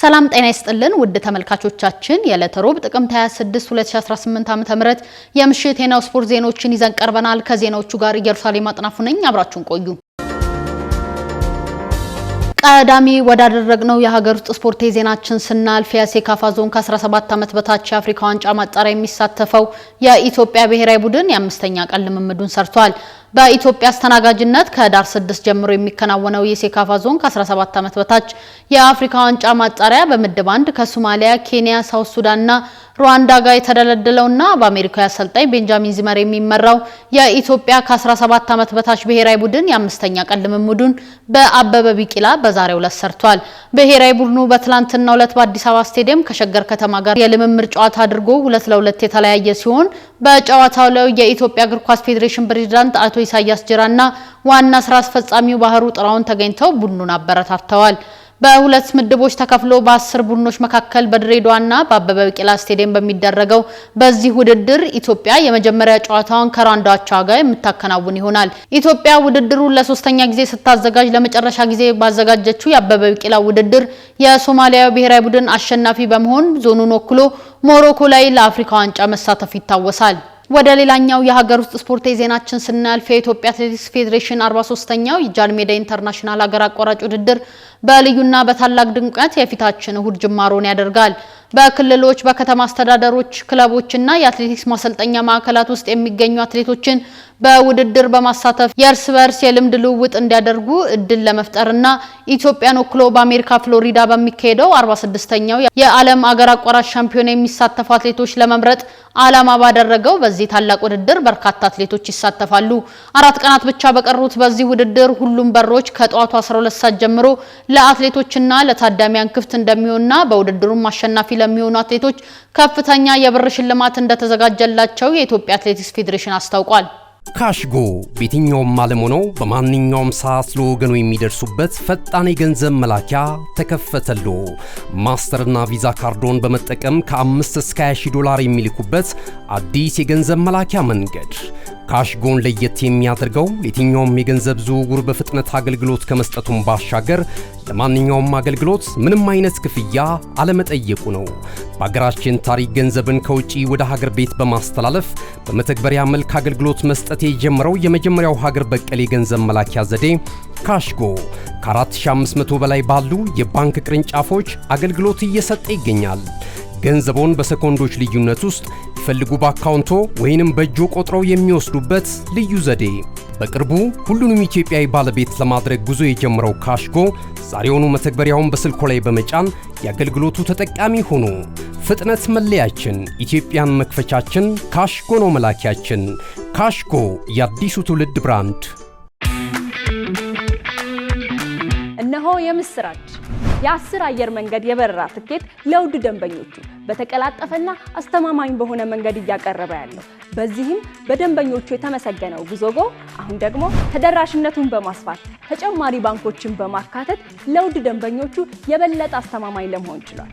ሰላም ጤና ይስጥልን ውድ ተመልካቾቻችን፣ የዕለተ ሮብ ጥቅምት 26 2018 ዓ.ም ተምረት የምሽት የናሁ ስፖርት ዜናዎችን ይዘን ቀርበናል። ከዜናዎቹ ጋር ኢየሩሳሌም አጥናፉ ነኝ። አብራችሁን ቆዩ። ቀዳሚ ወዳደረግነው የሀገር ውስጥ ስፖርት ዜናችን ስናልፍ የሴካፋ ዞን ከ17 ዓመት በታች የአፍሪካ ዋንጫ ማጣሪያ የሚሳተፈው የኢትዮጵያ ብሔራዊ ቡድን የአምስተኛ ቀን ልምምዱን ሰርቷል። በኢትዮጵያ አስተናጋጅነት ከህዳር 6 ጀምሮ የሚከናወነው የሴካፋ ዞን ከ17 ዓመት በታች የአፍሪካ ዋንጫ ማጣሪያ በምድብ አንድ ከሶማሊያ፣ ኬንያ፣ ሳውት ሱዳንና ሩዋንዳ ጋር የተደለደለውና በአሜሪካዊ አሰልጣኝ ቤንጃሚን ዚመር የሚመራው የኢትዮጵያ ከ17 ዓመት በታች ብሔራዊ ቡድን የአምስተኛ ቀን ልምምዱን በአበበ ቢቂላ በዛሬው ዕለት ሰርቷል። ብሔራዊ ቡድኑ በትላንትና ዕለት በአዲስ አበባ ስቴዲየም ከሸገር ከተማ ጋር የልምምድ ጨዋታ አድርጎ ሁለት ለሁለት የተለያየ ሲሆን በጨዋታው ላይ የኢትዮጵያ እግር ኳስ ፌዴሬሽን ፕሬዚዳንት አቶ ኢሳያስ ጅራና ዋና ስራ አስፈጻሚው ባህሩ ጥራውን ተገኝተው ቡድኑን አበረታተዋል። በሁለት ምድቦች ተከፍሎ በአስር ቡድኖች መካከል በድሬዳዋና በአበበ ቢቂላ ስቴዲየም በሚደረገው በዚህ ውድድር ኢትዮጵያ የመጀመሪያ ጨዋታውን ከሩዋንዳ አቻዋ ጋር የምታከናውን ይሆናል። ኢትዮጵያ ውድድሩን ለሶስተኛ ጊዜ ስታዘጋጅ ለመጨረሻ ጊዜ ባዘጋጀችው የአበበ ቢቂላ ውድድር የሶማሊያ ብሔራዊ ቡድን አሸናፊ በመሆን ዞኑን ወክሎ ሞሮኮ ላይ ለአፍሪካ ዋንጫ መሳተፍ ይታወሳል። ወደ ሌላኛው የሀገር ውስጥ ስፖርት የዜናችን ስናልፍ የኢትዮጵያ አትሌቲክስ ፌዴሬሽን 43ኛው የጃን ኢንተርናሽናል ሀገር አቋራጭ ውድድር በልዩና በታላቅ ድምቀት የፊታችን እሁድ ጅማሮን ያደርጋል። በክልሎች በከተማ አስተዳደሮች ክለቦችና የአትሌቲክስ ማሰልጠኛ ማዕከላት ውስጥ የሚገኙ አትሌቶችን በውድድር በማሳተፍ የእርስ በርስ የልምድ ልውውጥ እንዲያደርጉ እድል ለመፍጠርና ኢትዮጵያን ወክሎ በአሜሪካ ፍሎሪዳ በሚካሄደው 46ኛው የዓለም አገር አቋራጭ ሻምፒዮና የሚሳተፉ አትሌቶች ለመምረጥ ዓላማ ባደረገው በዚህ ታላቅ ውድድር በርካታ አትሌቶች ይሳተፋሉ። አራት ቀናት ብቻ በቀሩት በዚህ ውድድር ሁሉም በሮች ከጠዋቱ 12 ሰዓት ጀምሮ ለአትሌቶችና ለታዳሚያን ክፍት እንደሚሆንና በውድድሩም አሸናፊ ለሚሆኑ አትሌቶች ከፍተኛ የብር ሽልማት እንደተዘጋጀላቸው የኢትዮጵያ አትሌቲክስ ፌዴሬሽን አስታውቋል። ካሽጎ በየትኛውም ዓለም ሆነው በማንኛውም ሰዓት ለወገኑ የሚደርሱበት ፈጣን የገንዘብ መላኪያ ተከፈተሎ ማስተርና ቪዛ ካርዶን በመጠቀም ከ5 እስከ 20 ሺህ ዶላር የሚልኩበት አዲስ የገንዘብ መላኪያ መንገድ። ካሽጎን ለየት የሚያደርገው የትኛውም የገንዘብ ዝውውር በፍጥነት አገልግሎት ከመስጠቱም ባሻገር ለማንኛውም አገልግሎት ምንም አይነት ክፍያ አለመጠየቁ ነው። በሀገራችን ታሪክ ገንዘብን ከውጪ ወደ ሀገር ቤት በማስተላለፍ በመተግበሪያ መልክ አገልግሎት መስጠት የጀመረው የመጀመሪያው ሀገር በቀል የገንዘብ መላኪያ ዘዴ ካሽጎ ከ4500 በላይ ባሉ የባንክ ቅርንጫፎች አገልግሎት እየሰጠ ይገኛል። ገንዘቦን በሰኮንዶች ልዩነት ውስጥ ይፈልጉ በአካውንቶ ወይንም በእጆ ቆጥረው የሚወስዱበት ልዩ ዘዴ በቅርቡ ሁሉንም ኢትዮጵያዊ ባለቤት ለማድረግ ጉዞ የጀመረው ካሽጎ ዛሬውኑ መተግበሪያውን በስልኮ ላይ በመጫን የአገልግሎቱ ተጠቃሚ ሆኑ። ፍጥነት መለያችን፣ ኢትዮጵያን መክፈቻችን፣ ካሽጎ ነው መላኪያችን። ካሽጎ የአዲሱ ትውልድ ብራንድ። እነሆ የምስራች! የአስር አየር መንገድ የበረራ ትኬት ለውድ ደንበኞቹ በተቀላጠፈና አስተማማኝ በሆነ መንገድ እያቀረበ ያለው በዚህም በደንበኞቹ የተመሰገነው ጉዞጎ አሁን ደግሞ ተደራሽነቱን በማስፋት ተጨማሪ ባንኮችን በማካተት ለውድ ደንበኞቹ የበለጠ አስተማማኝ ለመሆን ችሏል።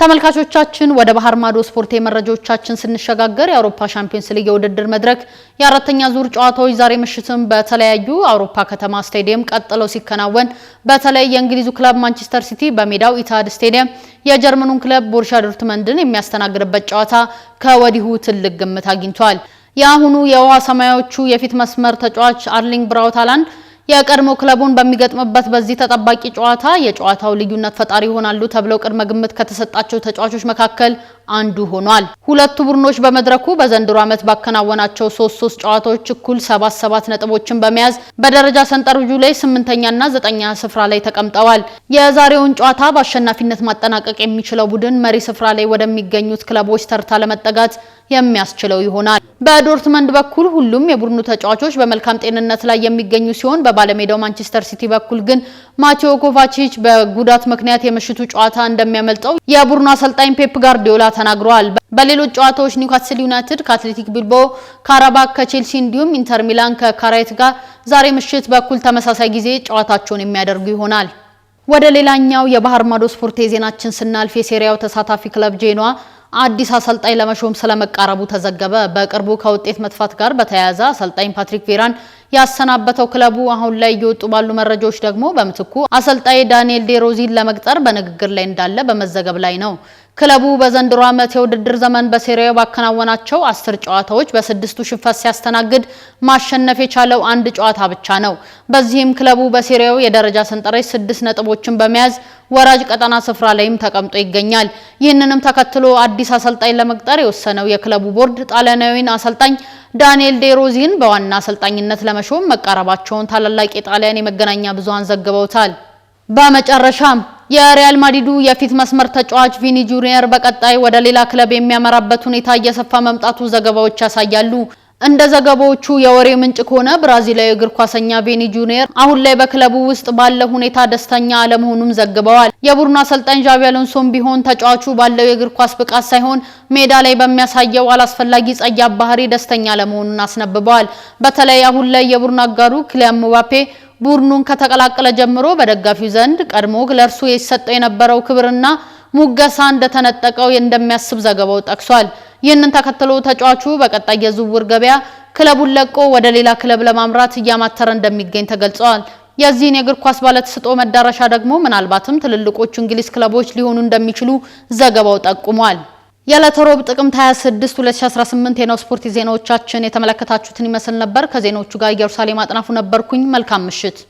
ተመልካቾቻችን ወደ ባህር ማዶ ስፖርት መረጃዎቻችን ስንሸጋገር የአውሮፓ ሻምፒዮንስ ሊግ የውድድር መድረክ የአራተኛ ዙር ጨዋታዎች ዛሬ ምሽትም በተለያዩ አውሮፓ ከተማ ስታዲየም ቀጥለው ሲከናወን በተለይ የእንግሊዙ ክለብ ማንቸስተር ሲቲ በሜዳው ኢታድ ስታዲየም የጀርመኑን ክለብ ቦርሻ ዶርትመንድን የሚያስተናግድበት ጨዋታ ከወዲሁ ትልቅ ግምት አግኝቷል። የአሁኑ የውሃ ሰማያዎቹ የፊት መስመር ተጫዋች አርሊንግ ብራውት ሃላንድ የቀድሞ ክለቡን በሚገጥምበት በዚህ ተጠባቂ ጨዋታ የጨዋታው ልዩነት ፈጣሪ ይሆናሉ ተብለው ቅድመ ግምት ከተሰጣቸው ተጫዋቾች መካከል አንዱ ሆኗል። ሁለቱ ቡድኖች በመድረኩ በዘንድሮ ዓመት ባከናወናቸው ሶስት ሶስት ጨዋታዎች እኩል ሰባት ሰባት ነጥቦችን በመያዝ በደረጃ ሰንጠረዡ ላይ ስምንተኛና ዘጠኛ ስፍራ ላይ ተቀምጠዋል። የዛሬውን ጨዋታ በአሸናፊነት ማጠናቀቅ የሚችለው ቡድን መሪ ስፍራ ላይ ወደሚገኙት ክለቦች ተርታ ለመጠጋት የሚያስችለው ይሆናል። በዶርትመንድ በኩል ሁሉም የቡድኑ ተጫዋቾች በመልካም ጤንነት ላይ የሚገኙ ሲሆን በባለሜዳው ማንቸስተር ሲቲ በኩል ግን ማቴዎ ኮቫቺች በጉዳት ምክንያት የምሽቱ ጨዋታ እንደሚያመልጠው የቡድኑ አሰልጣኝ ፔፕ ጋርዲዮላ ተናግረዋል። በሌሎች ጨዋታዎች ኒውካስል ዩናይትድ ከአትሌቲክ ቢልቦ፣ ካራባክ ከቼልሲ እንዲሁም ኢንተር ሚላን ከካራይት ጋር ዛሬ ምሽት በኩል ተመሳሳይ ጊዜ ጨዋታቸውን የሚያደርጉ ይሆናል። ወደ ሌላኛው የባህር ማዶ ስፖርት የዜናችን ስናልፍ የሴሪያው ተሳታፊ ክለብ ጄኗ አዲስ አሰልጣኝ ለመሾም ስለመቃረቡ ተዘገበ። በቅርቡ ከውጤት መጥፋት ጋር በተያያዘ አሰልጣኝ ፓትሪክ ቬራን ያሰናበተው ክለቡ አሁን ላይ እየወጡ ባሉ መረጃዎች ደግሞ በምትኩ አሰልጣኝ ዳንኤል ዴሮዚን ለመቅጠር በንግግር ላይ እንዳለ በመዘገብ ላይ ነው። ክለቡ በዘንድሮ ዓመት የውድድር ዘመን በሴሪያ ባከናወናቸው አስር ጨዋታዎች በስድስቱ ሽንፈት ሲያስተናግድ ማሸነፍ የቻለው አንድ ጨዋታ ብቻ ነው። በዚህም ክለቡ በሴሪያው የደረጃ ሰንጠረዥ ስድስት ነጥቦችን በመያዝ ወራጅ ቀጠና ስፍራ ላይም ተቀምጦ ይገኛል። ይህንንም ተከትሎ አዲስ አሰልጣኝ ለመቅጠር የወሰነው የክለቡ ቦርድ ጣሊያናዊን አሰልጣኝ ዳንኤል ዴሮዚን በዋና አሰልጣኝነት ለመሾም መቃረባቸውን ታላላቅ የጣሊያን የመገናኛ ብዙሃን ዘግበውታል። በመጨረሻም የሪያል ማድሪዱ የፊት መስመር ተጫዋች ቪኒ ጁኒየር በቀጣይ ወደ ሌላ ክለብ የሚያመራበት ሁኔታ እየሰፋ መምጣቱ ዘገባዎች ያሳያሉ። እንደ ዘገባዎቹ የወሬ ምንጭ ከሆነ ብራዚላዊ እግር ኳሰኛ ቬኒ ጁኒየር አሁን ላይ በክለቡ ውስጥ ባለ ሁኔታ ደስተኛ አለመሆኑም ዘግበዋል። የቡድኑ አሰልጣኝ ዣቢ አሎንሶም ቢሆን ተጫዋቹ ባለው የእግር ኳስ ብቃት ሳይሆን ሜዳ ላይ በሚያሳየው አላስፈላጊ ጸያፍ ባህሪ ደስተኛ አለመሆኑን አስነብበዋል። በተለይ አሁን ላይ የቡድኑ አጋሩ ኪሊያን ሙባፔ ቡድኑን ከተቀላቀለ ጀምሮ በደጋፊው ዘንድ ቀድሞ ለእርሱ የሰጠው የነበረው ክብርና ሙገሳ እንደተነጠቀው እንደሚያስብ ዘገባው ጠቅሷል። ይህንን ተከትሎ ተጫዋቹ በቀጣይ የዝውውር ገበያ ክለቡን ለቆ ወደ ሌላ ክለብ ለማምራት እያማተረ እንደሚገኝ ተገልጸዋል። የዚህን የእግር ኳስ ባለተሰጥኦ መዳረሻ ደግሞ ምናልባትም ትልልቆቹ እንግሊዝ ክለቦች ሊሆኑ እንደሚችሉ ዘገባው ጠቁሟል። የዕለተ ሮብ ጥቅምት 26 2018 የነው ስፖርት ዜናዎቻችን የተመለከታችሁትን ይመስል ነበር። ከዜናዎቹ ጋር ኢየሩሳሌም አጥናፉ ነበርኩኝ። መልካም ምሽት